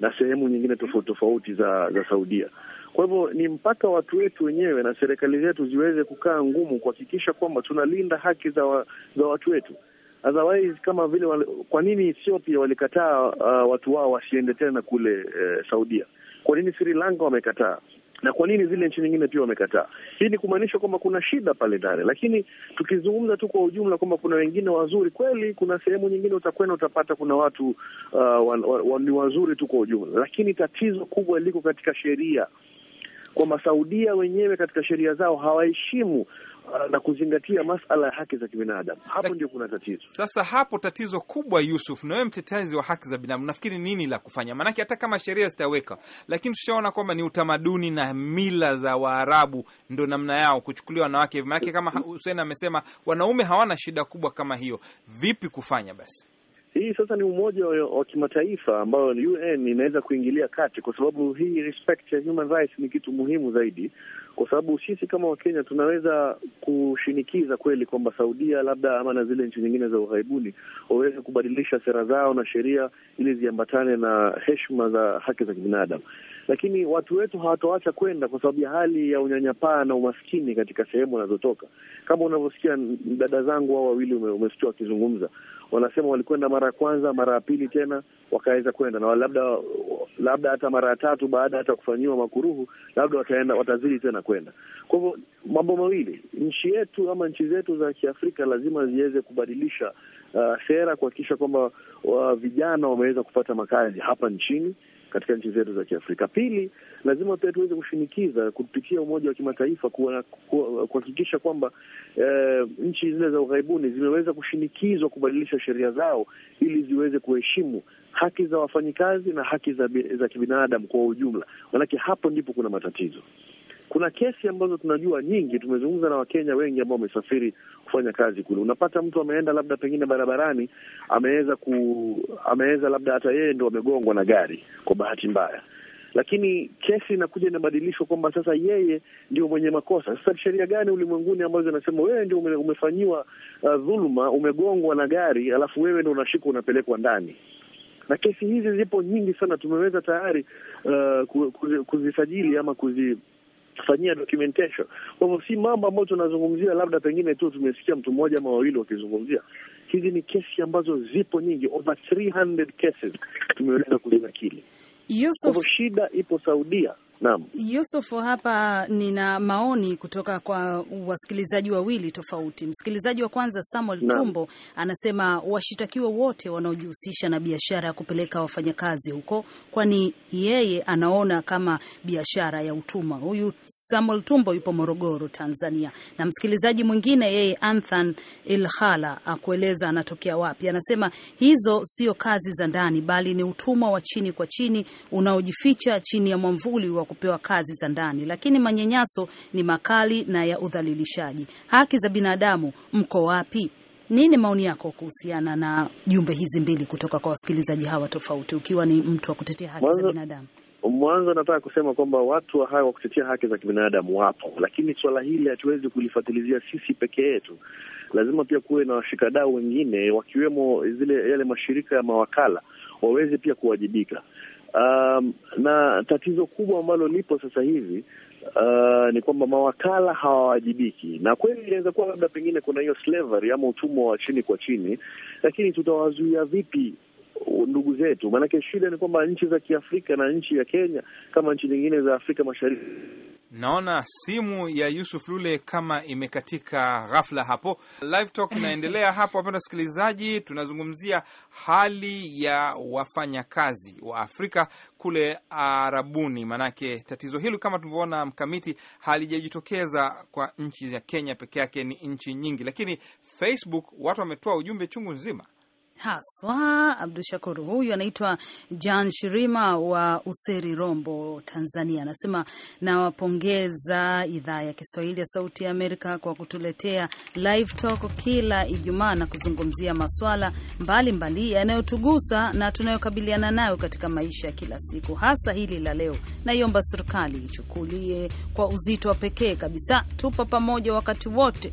na sehemu nyingine tofauti tofauti za za Saudia. Kwa hivyo ni mpaka watu wetu wenyewe na serikali zetu ziweze kukaa ngumu kuhakikisha kwamba tunalinda haki za, wa, za watu wetu. Otherwise, kama vile wale, kwa nini Ethiopia walikataa uh, watu wao wasiende tena kule uh, Saudia? Kwa nini Sri Lanka wamekataa? na kwa nini zile nchi nyingine pia wamekataa. Hii ni kumaanisha kwamba kuna shida pale ndani, lakini tukizungumza tu kwa ujumla kwamba kuna wengine wazuri kweli, kuna sehemu nyingine utakwenda utapata kuna watu uh, wan, wan, ni wazuri tu kwa ujumla, lakini tatizo kubwa liko katika sheria kwamba Saudia wenyewe katika sheria zao hawaheshimu Uh, na kuzingatia masala ya haki za kibinadamu. Hapo ndio kuna tatizo. Sasa hapo tatizo kubwa, Yusuf, na wewe mtetezi wa haki za binadamu, nafikiri nini la kufanya? Maanake hata kama sheria zitaweka, lakini tushaona kwamba ni utamaduni na mila za Waarabu ndo namna yao kuchukulia wanawake hivi. Maanake kama Hussein amesema, wanaume hawana shida kubwa kama hiyo. Vipi kufanya basi? Hii sasa ni umoja wa kimataifa ambayo UN inaweza kuingilia kati, kwa sababu hii respect ya human rights ni kitu muhimu zaidi kwa sababu sisi kama Wakenya tunaweza kushinikiza kweli kwamba Saudia labda ama na zile nchi nyingine za ughaibuni waweze kubadilisha sera zao na sheria ili ziambatane na heshima za haki za kibinadamu lakini watu wetu hawatoacha kwenda kwa sababu ya hali ya unyanyapaa na umaskini katika sehemu wanazotoka. Kama unavyosikia dada zangu hao wawili umesikia wakizungumza, wanasema walikwenda mara ya kwanza, mara ya pili tena wakaweza kwenda na labda labda hata mara ya tatu, baada hata kufanyiwa makuruhu, labda wataenda watazidi tena kwenda. Kwa hivyo mambo mawili, nchi yetu ama nchi zetu za Kiafrika lazima ziweze kubadilisha uh, sera kuhakikisha kwamba uh, vijana wameweza kupata makazi hapa nchini katika nchi zetu za Kiafrika. Pili, lazima pia tuweze kushinikiza kupitia Umoja wa Kimataifa kuhakikisha kwamba eh, nchi zile za ughaibuni zimeweza kushinikizwa kubadilisha sheria zao ili ziweze kuheshimu haki za wafanyikazi na haki za, za kibinadamu kwa ujumla, manake hapo ndipo kuna matatizo kuna kesi ambazo tunajua nyingi. Tumezungumza na Wakenya wengi ambao wamesafiri kufanya kazi kule, unapata mtu ameenda labda pengine barabarani, ameweza ku ameweza labda hata yeye ndo amegongwa na gari kwa bahati mbaya, lakini kesi inakuja inabadilishwa kwamba sasa yeye ndio mwenye makosa. Sasa sheria gani ulimwenguni ambazo zinasema wewe ndio ume, umefanyiwa uh, dhuluma, umegongwa na gari alafu wewe ndo unashikwa unapelekwa ndani? na kesi hizi zipo nyingi sana, tumeweza tayari uh, kuzisajili ama kuzi kufanyia documentation. Kwa hivyo si mambo ambayo tunazungumzia labda pengine tu tumesikia mtu mmoja ama wawili wakizungumzia. Hizi ni kesi ambazo zipo nyingi, over 300 cases tumeweza kuzinakili. Kwa hivyo shida ipo Saudia Naam. Yusuf, hapa nina maoni kutoka kwa wasikilizaji wawili tofauti. Msikilizaji wa kwanza Samuel Naam. Tumbo anasema washitakiwa wote wanaojihusisha na biashara ya kupeleka wafanyakazi huko, kwani yeye anaona kama biashara ya utumwa. Huyu Samuel Tumbo yupo Morogoro, Tanzania. Na msikilizaji mwingine yeye Anthan Ilhala akueleza anatokea wapi, anasema hizo sio kazi za ndani, bali ni utumwa wa chini kwa chini unaojificha chini ya mwamvuli wa kupewa kazi za ndani, lakini manyanyaso ni makali na ya udhalilishaji. Haki za binadamu mko wapi? Nini maoni yako kuhusiana na jumbe hizi mbili kutoka kwa wasikilizaji hawa tofauti, ukiwa ni mtu wa kutetea haki za binadamu? Mwanzo nataka kusema kwamba watu wa hawa wa kutetea haki za kibinadamu wapo, lakini suala hili hatuwezi kulifuatilizia sisi peke yetu. Lazima pia kuwe na washikadau wengine, wakiwemo zile yale mashirika ya mawakala waweze pia kuwajibika. Um, na tatizo kubwa ambalo lipo sasa hivi uh, ni kwamba mawakala hawawajibiki, na kweli inaweza kuwa labda pengine kuna hiyo slavery ama utumwa wa chini kwa chini, lakini tutawazuia vipi ndugu zetu. Maanake shida ni kwamba nchi za Kiafrika na nchi ya Kenya kama nchi nyingine za Afrika Mashariki. Naona simu ya Yusuf Lule kama imekatika ghafla hapo. Live Talk inaendelea hapo, wapenda wasikilizaji, tunazungumzia hali ya wafanyakazi wa Afrika kule Arabuni, maanake tatizo hili kama tulivyoona mkamiti halijajitokeza kwa nchi ya Kenya peke yake, ni nchi nyingi. Lakini Facebook watu wametoa ujumbe chungu nzima haswa Abdu Shakur. Huyu anaitwa Jan Shirima wa Useri, Rombo, Tanzania. Anasema nawapongeza idhaa ya Kiswahili ya Sauti ya Amerika kwa kutuletea live talk kila Ijumaa na kuzungumzia maswala mbalimbali yanayotugusa na tunayokabiliana nayo katika maisha ya kila siku, hasa hili la leo. Naiomba serikali ichukulie kwa uzito wa pekee kabisa. Tupa pamoja wakati wote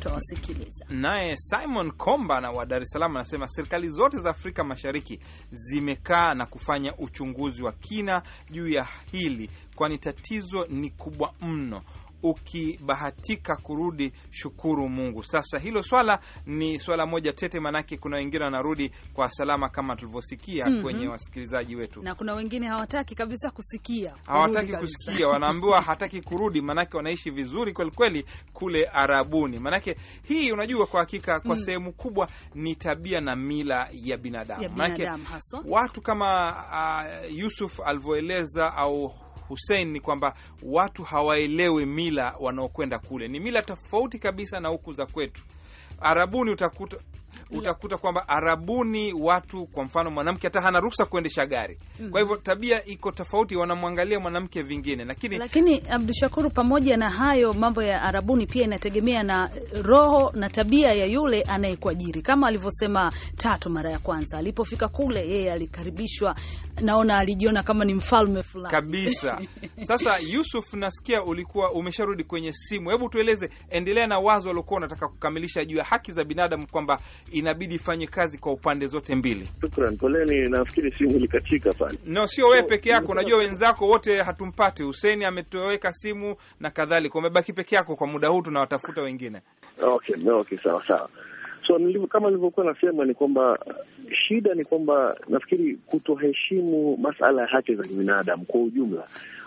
tutawasikiliza. Naye Simon Komba na wa Dar es Salaam anasema serikali zote za Afrika Mashariki zimekaa na kufanya uchunguzi wa kina juu ya hili, kwani tatizo ni kubwa mno ukibahatika kurudi, shukuru Mungu. Sasa hilo swala ni swala moja tete, maanake kuna wengine wanarudi kwa salama kama tulivyosikia mm -hmm. kwenye wasikilizaji wetu, na kuna wengine hawataki kabisa kusikia, hawataki kusikia, wanaambiwa hataki kurudi, maanake wanaishi vizuri kwelikweli kule Arabuni. Maanake hii unajua, kwa hakika kwa mm. sehemu kubwa ni tabia na mila ya binadamu, ya binadamu watu kama uh, Yusuf alivyoeleza au Hussein ni kwamba watu hawaelewi mila wanaokwenda kule, ni mila tofauti kabisa na huku za kwetu. Arabuni utakuta utakuta kwamba Arabuni watu kwa mfano mwanamke hata hana ruhusa kuendesha gari mm. -hmm. Kwa hivyo tabia iko tofauti, wanamwangalia mwanamke vingine, lakini lakini Abdushakuru, pamoja na hayo mambo ya Arabuni pia inategemea na roho na tabia ya yule anayekuajiri, kama alivyosema Tatu mara ya kwanza alipofika kule, yeye alikaribishwa, naona alijiona kama ni mfalme fulani kabisa. Sasa Yusuf, nasikia ulikuwa umesharudi kwenye simu, hebu tueleze, endelea na wazo aliokuwa unataka kukamilisha juu ya haki za binadamu kwamba inabidi ifanye kazi kwa upande zote mbili. Shukran, poleni. Nafikiri simu ilikatika pale. No, sio wewe peke yako, unajua wenzako wote hatumpati. Huseni ametoweka simu na kadhalika, umebaki peke yako kwa muda huu, tunawatafuta wengine. Okay, okay, sawa sawa. So nilivu, kama nilivyokuwa nasema ni kwamba shida ni kwamba nafikiri kutoheshimu masala ya haki za kibinadamu kwa ujumla.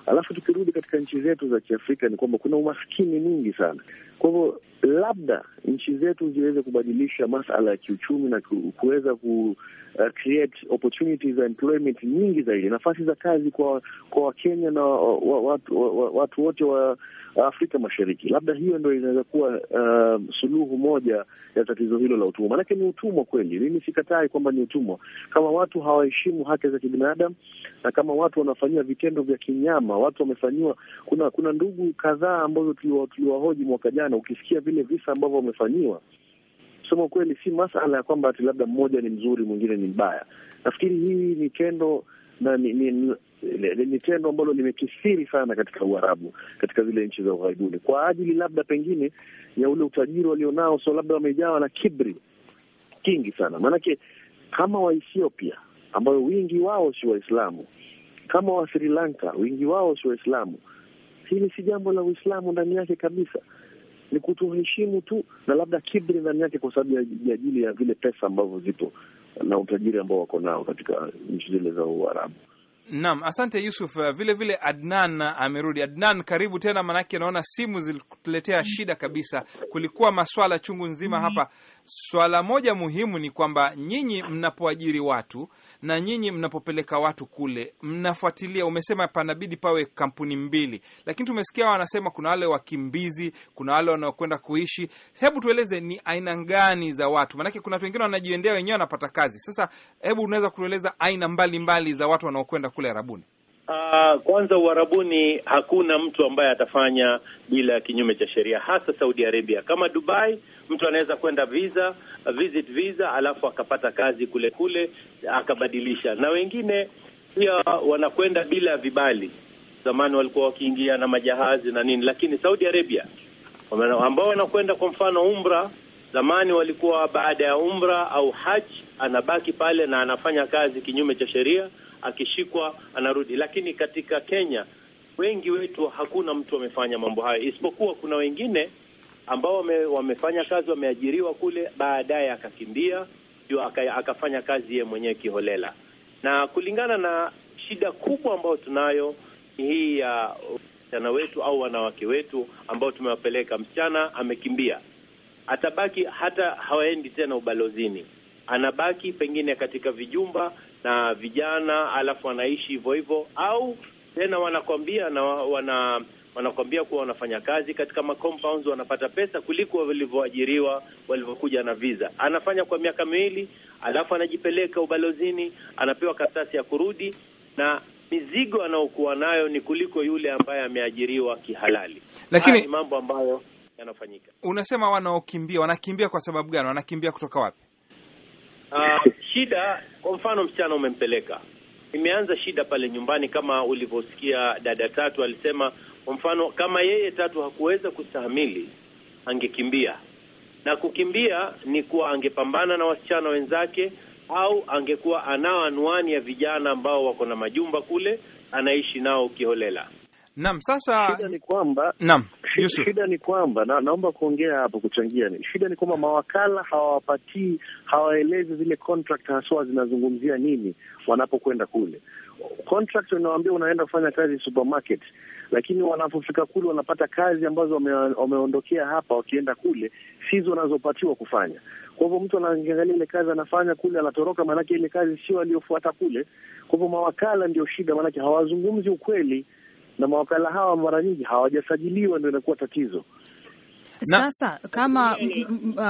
Alafu tukirudi katika nchi zetu za Kiafrika ni kwamba kuna umaskini mwingi sana kwa hivyo labda nchi zetu ziweze kubadilisha masala ya kiuchumi na kuweza ku, uh, create opportunities za employment nyingi zaidi, nafasi za kazi kwa kwa Wakenya na uh, wa, watu wa, watu wote wa Afrika Mashariki. Labda hiyo ndo inaweza kuwa uh, suluhu moja ya tatizo hilo la utumwa, maanake ni utumwa kweli. Mimi sikatai kwamba ni utumwa, kama watu hawaheshimu haki za kibinadamu na kama watu wanafanyia vitendo vya kinyama, watu wamefanyiwa. Kuna kuna ndugu kadhaa ambazo tuliwahoji mwaka jana, ukisikia vile visa ambavyo wamefanyiwa kusema ukweli, si masala ya kwamba ati labda mmoja ni mzuri mwingine ni mbaya. Nafikiri hii ni tendo na ni, ni, ni tendo ambalo limekithiri sana katika Uarabu, katika zile nchi za ughaibuni, kwa ajili labda pengine ya ule utajiri walionao. So labda wamejawa na kibri kingi sana, maanake kama Waethiopia ambayo wingi wao si Waislamu, kama wa Sri Lanka wingi wao si Waislamu. Hili si jambo la Uislamu ndani yake kabisa ni kutoheshimu tu na labda kibri ndani yake, kwa sababu ya ajili ya vile pesa ambavyo zipo na utajiri ambao wako nao katika nchi zile za Uarabu. Naam, asante Yusuf. Uh, vile vile Adnan uh, amerudi. Adnan, karibu tena, maanake naona simu zilituletea mm. shida kabisa. Kulikuwa maswala chungu nzima mm-hmm. hapa. Swala moja muhimu ni kwamba nyinyi mnapoajiri watu na nyinyi mnapopeleka watu kule, mnafuatilia. Umesema panabidi pawe kampuni mbili, lakini tumesikia wanasema kuna wale wakimbizi, kuna wale wanaokwenda kuishi. Hebu tueleze ni aina gani za watu, maanake kuna watu wengine wanajiendea wenyewe, wanapata kazi. Sasa hebu unaweza kutueleza aina mbalimbali mbali za watu wanaokwenda kule Arabuni? Uh, kwanza Uarabuni hakuna mtu ambaye atafanya bila kinyume cha sheria, hasa Saudi Arabia. Kama Dubai, mtu anaweza kwenda visa visit visa, alafu akapata kazi kule kule akabadilisha, na wengine pia wanakwenda bila vibali. Zamani walikuwa wakiingia na majahazi na nini, lakini Saudi Arabia ambao wanakwenda kwa mfano umra Zamani walikuwa baada ya umra au haj anabaki pale na anafanya kazi kinyume cha sheria, akishikwa anarudi. Lakini katika Kenya wengi wetu hakuna mtu amefanya mambo hayo, isipokuwa kuna wengine ambao wame, wamefanya kazi wameajiriwa kule, baadaye akakimbia ndio akafanya kazi ye mwenyewe kiholela, na kulingana na shida kubwa ambayo tunayo hii ya uh, wetu au wanawake wetu ambao tumewapeleka, msichana amekimbia atabaki hata hawaendi tena ubalozini, anabaki pengine katika vijumba na vijana, alafu anaishi hivyo hivyo, au tena wanakwambia na wana wanakwambia kuwa wanafanya kazi katika macompounds wanapata pesa kuliko walivyoajiriwa walivyokuja na visa. Anafanya kwa miaka miwili, alafu anajipeleka ubalozini, anapewa karatasi ya kurudi, na mizigo anaokuwa nayo ni kuliko yule ambaye ameajiriwa kihalali. Lakini mambo ambayo yanafanyika. Unasema wanaokimbia wanakimbia kwa sababu gani? Wanakimbia kutoka wapi? Uh, shida kwa mfano, msichana umempeleka, imeanza shida pale nyumbani, kama ulivyosikia dada Tatu alisema. Kwa mfano kama yeye Tatu hakuweza kustahamili, angekimbia na kukimbia ni kuwa angepambana na wasichana wenzake au angekuwa anao anwani ya vijana ambao wako na majumba kule, anaishi nao kiholela. Naam, sasa shida ni kwamba naam, shida ni kwamba na, naomba kuongea hapo kuchangia. Shida ni kwamba mawakala hawawapatii, hawaelezi zile contract haswa zinazungumzia nini wanapokwenda kule. Contract unawaambia unaenda kufanya kazi supermarket, lakini wanapofika kule wanapata kazi ambazo wame, wameondokea hapa wakienda kule sizo wanazopatiwa kufanya. Kwa hivyo mtu anaangalia ile kazi anafanya kule, anatoroka, maanake ile kazi sio aliyofuata kule. Kwa hivyo mawakala ndio shida, maanake hawazungumzi ukweli na mawakala hawa mara nyingi hawajasajiliwa, ndio inakuwa tatizo. Na, sasa kama mm, mm, uh,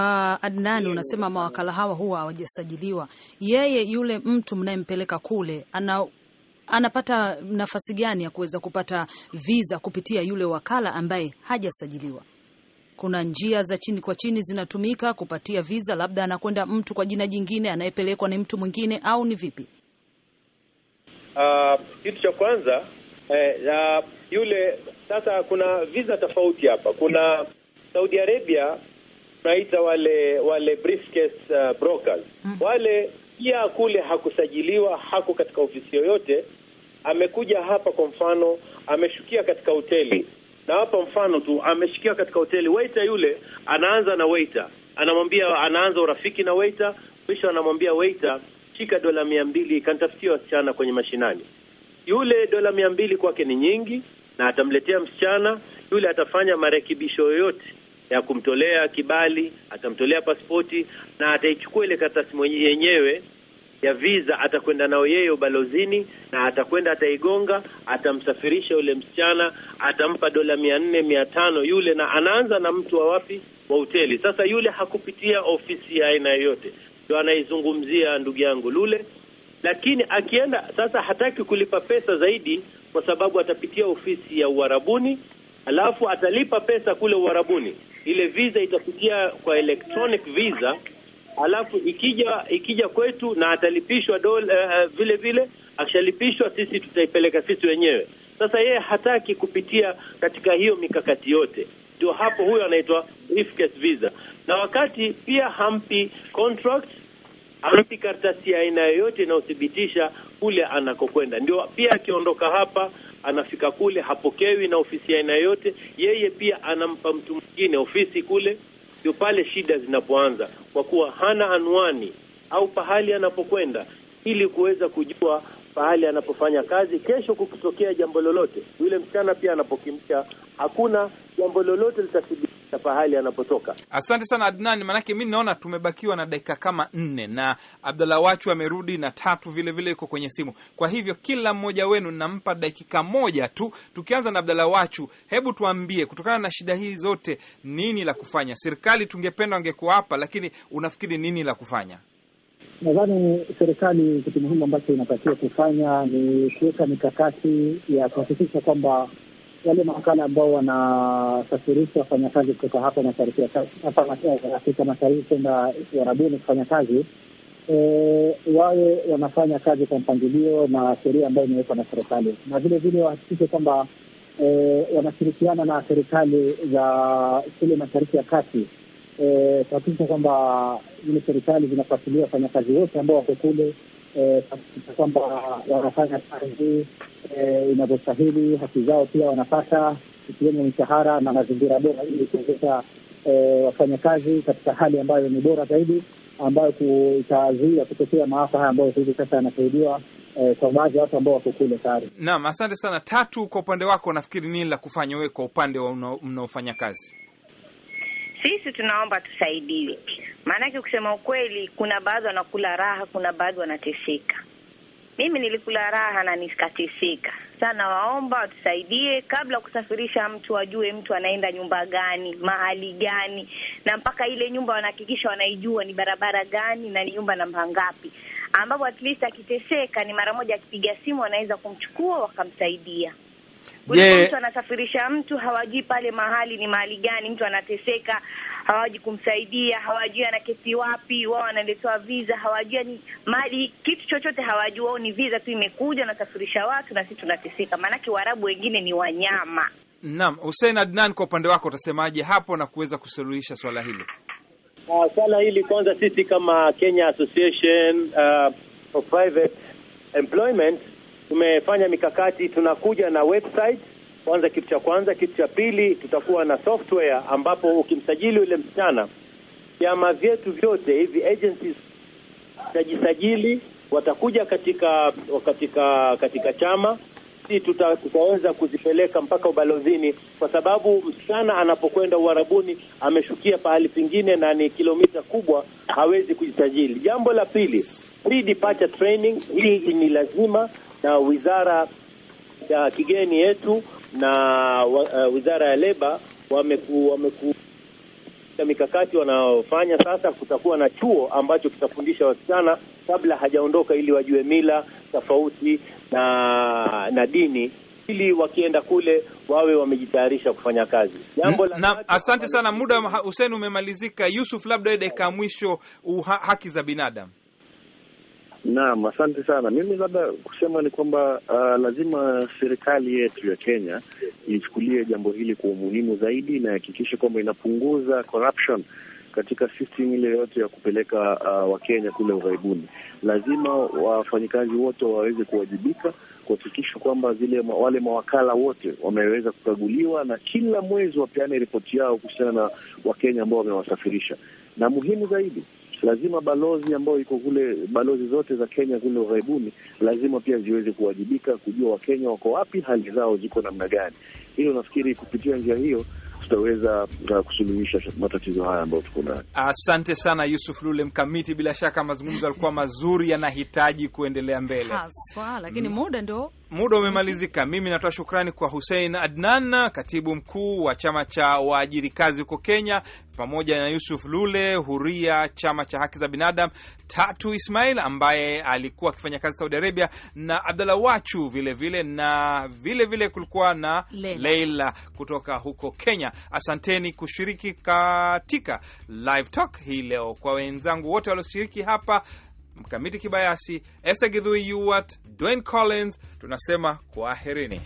Adnani unasema mawakala hawa huwa hawajasajiliwa, yeye yule mtu mnayempeleka kule ana anapata nafasi gani ya kuweza kupata visa kupitia yule wakala ambaye hajasajiliwa? Kuna njia za chini kwa chini zinatumika kupatia visa, labda anakwenda mtu kwa jina jingine, anayepelekwa ni mtu mwingine, au ni vipi? Uh, kitu uh, cha kwanza eh, na yule sasa, kuna visa tofauti hapa. Kuna Saudi Arabia tunaita wale wale briefcase, uh, brokers mm. wale pia kule hakusajiliwa, haku katika ofisi yoyote, amekuja hapa. Kwa mfano, ameshukia katika hoteli, na hapa mfano tu, ameshukia katika hoteli, waiter yule anaanza na waiter, anamwambia anaanza urafiki na waiter, mwisho anamwambia waiter, shika dola mia mbili kanitafutia wasichana kwenye mashinani yule dola mia mbili kwake ni nyingi, na atamletea msichana yule, atafanya marekebisho yoyote ya kumtolea kibali, atamtolea pasipoti na ataichukua ile karatasi yenyewe ya visa, atakwenda nao yeye ubalozini na atakwenda ataigonga, atamsafirisha yule msichana, atampa dola mia nne mia tano yule, na anaanza na mtu wa wapi wa hoteli. Sasa yule hakupitia ofisi ya aina yoyote, ndo anaizungumzia ndugu yangu Lule lakini akienda sasa, hataki kulipa pesa zaidi, kwa sababu atapitia ofisi ya Uarabuni, alafu atalipa pesa kule Uarabuni. Ile visa itapitia kwa electronic visa, alafu ikija ikija kwetu na atalipishwa dola, uh, eh, eh, vile vile akishalipishwa, sisi tutaipeleka sisi wenyewe. Sasa yeye hataki kupitia katika hiyo mikakati yote, ndio hapo huyo anaitwa briefcase visa, na wakati pia hampi contract hapi karatasi ya aina yoyote inayothibitisha kule anakokwenda. Ndio pia akiondoka hapa anafika kule hapokewi na ofisi ya aina yoyote, yeye pia anampa mtu mwingine ofisi kule. Ndio pale shida zinapoanza, kwa kuwa hana anwani au pahali anapokwenda ili kuweza kujua pahali anapofanya kazi. Kesho kukitokea jambo lolote, yule msichana pia anapokimcha, hakuna jambo lolote litathibitisha pahali anapotoka. Asante sana Adnan, maanake mi naona tumebakiwa na dakika kama nne na Abdallah Wachu amerudi na tatu vilevile yuko kwenye simu. Kwa hivyo kila mmoja wenu nampa dakika moja tu, tukianza na Abdallah Wachu. Hebu tuambie, kutokana na shida hii zote, nini la kufanya? Serikali tungependa wangekuwa hapa, lakini unafikiri nini la kufanya? Nadhani serikali kitu muhimu ambacho inatakiwa kufanya ni kuweka mikakati ya kuhakikisha kwamba wale mawakala ambao wanasafirisha wafanyakazi kutoka hapa mashariki ya Afrika Mashariki kwenda uarabuni kufanya kazi e, wawe wanafanya kazi kwa mpangilio na sheria ambayo imewekwa na serikali, na vile vile wahakikishe kwamba e, wanashirikiana na serikali za kule mashariki ya kati kuhakikisha e, kwamba zile serikali zinafuatilia wafanyakazi wote ambao wako kule, kuhakikisha e, kwamba wanafanya kazi e, inavyostahili, haki zao pia wanapata, ikiwemo mishahara na mazingira bora, ili kuwezesha wafanyakazi katika hali ambayo ni bora zaidi, ambayo itazuia kutokea maafa haya ambayo hivi sasa yanashuhudiwa kwa baadhi ya watu ambao wako kule tayari. Naam, asante sana. Tatu, kwa upande wako nafikiri nini la kufanya wewe kwa upande wa mnaofanya kazi? Sisi tunaomba tusaidiwe, maanake kusema ukweli, kuna baadhi wanakula raha, kuna baadhi wanateseka. Mimi nilikula raha na nikateseka sana. Waomba watusaidie kabla kusafirisha mtu, ajue mtu anaenda nyumba gani, mahali gani, na mpaka ile nyumba wanahakikisha wanaijua ni barabara gani na ni nyumba namba ngapi, ambapo at least akiteseka, ni mara moja akipiga simu wanaweza kumchukua wakamsaidia. Je, mtu anasafirisha mtu hawajui pale mahali ni mahali gani, mtu anateseka, hawaji kumsaidia, hawajui anaketi wapi, wao wanaletewa visa, hawajui ni mali, kitu chochote hawajui wao, ni visa tu imekuja, anasafirisha watu na sisi tunateseka, maanake Waarabu wengine ni wanyama. Naam, Hussein Adnan, kwa upande wako utasemaje hapo na kuweza kusuluhisha swala hili? Uh, swala hili kwanza, sisi kama Kenya Association uh, for Private Employment tumefanya mikakati, tunakuja na website kwanza, kitu cha kwanza. Kitu cha pili, tutakuwa na software ambapo ukimsajili yule msichana, vyama vyetu vyote hivi agencies tajisajili, watakuja katika katika katika chama si tuta, tutaweza kuzipeleka mpaka ubalozini, kwa sababu msichana anapokwenda Uarabuni ameshukia pahali pengine na ni kilomita kubwa, hawezi kujisajili. Jambo la pili, pre departure training, hii ni lazima na wizara ya kigeni yetu na uh, wizara ya leba wameku, wameku mikakati wanaofanya sasa, kutakuwa na chuo ambacho kitafundisha wasichana kabla hajaondoka, ili wajue mila tofauti na na dini, ili wakienda kule wawe wamejitayarisha kufanya kazi. Jambo la na, asante sana, muda Hussein umemalizika. Yusuf, labda dakika mwisho, haki za binadamu Naam, asante sana. Mimi labda kusema ni kwamba uh, lazima serikali yetu ya Kenya ichukulie jambo hili kwa umuhimu zaidi na ihakikishe kwamba inapunguza corruption katika system ile yote ya kupeleka uh, Wakenya kule ughaibuni. Lazima wafanyikazi wote waweze kuwajibika kuhakikisha kwamba zile ma, wale mawakala wote wameweza kukaguliwa na kila mwezi wapeane ripoti yao kuhusiana na Wakenya ambao wamewasafirisha, na muhimu zaidi lazima balozi ambayo iko kule, balozi zote za Kenya kule ughaibuni lazima pia ziweze kuwajibika kujua Wakenya wako wapi, hali zao ziko namna gani. Hiyo nafikiri kupitia njia hiyo tutaweza uh, kusuluhisha matatizo haya ambayo tuko nayo. Asante sana Yusuf Lule Mkamiti, bila shaka mazungumzo yalikuwa mazuri, yanahitaji kuendelea mbele haswa, lakini mm, muda ndo muda umemalizika. Mimi natoa shukrani kwa Hussein Adnan, katibu mkuu wa chama cha waajiri kazi huko Kenya, pamoja na Yusuf Lule Huria, chama cha haki za binadamu, Tatu Ismail ambaye alikuwa akifanya kazi Saudi Arabia, na Abdallah Wachu vilevile vile, na vilevile vile kulikuwa na Leila, Leila kutoka huko Kenya. Asanteni kushiriki katika Live Talk hii leo. Kwa wenzangu wote walioshiriki hapa Mkamiti Kibayasi, Esther Githui Yuwat, Dwayne Collins, tunasema kwaherini.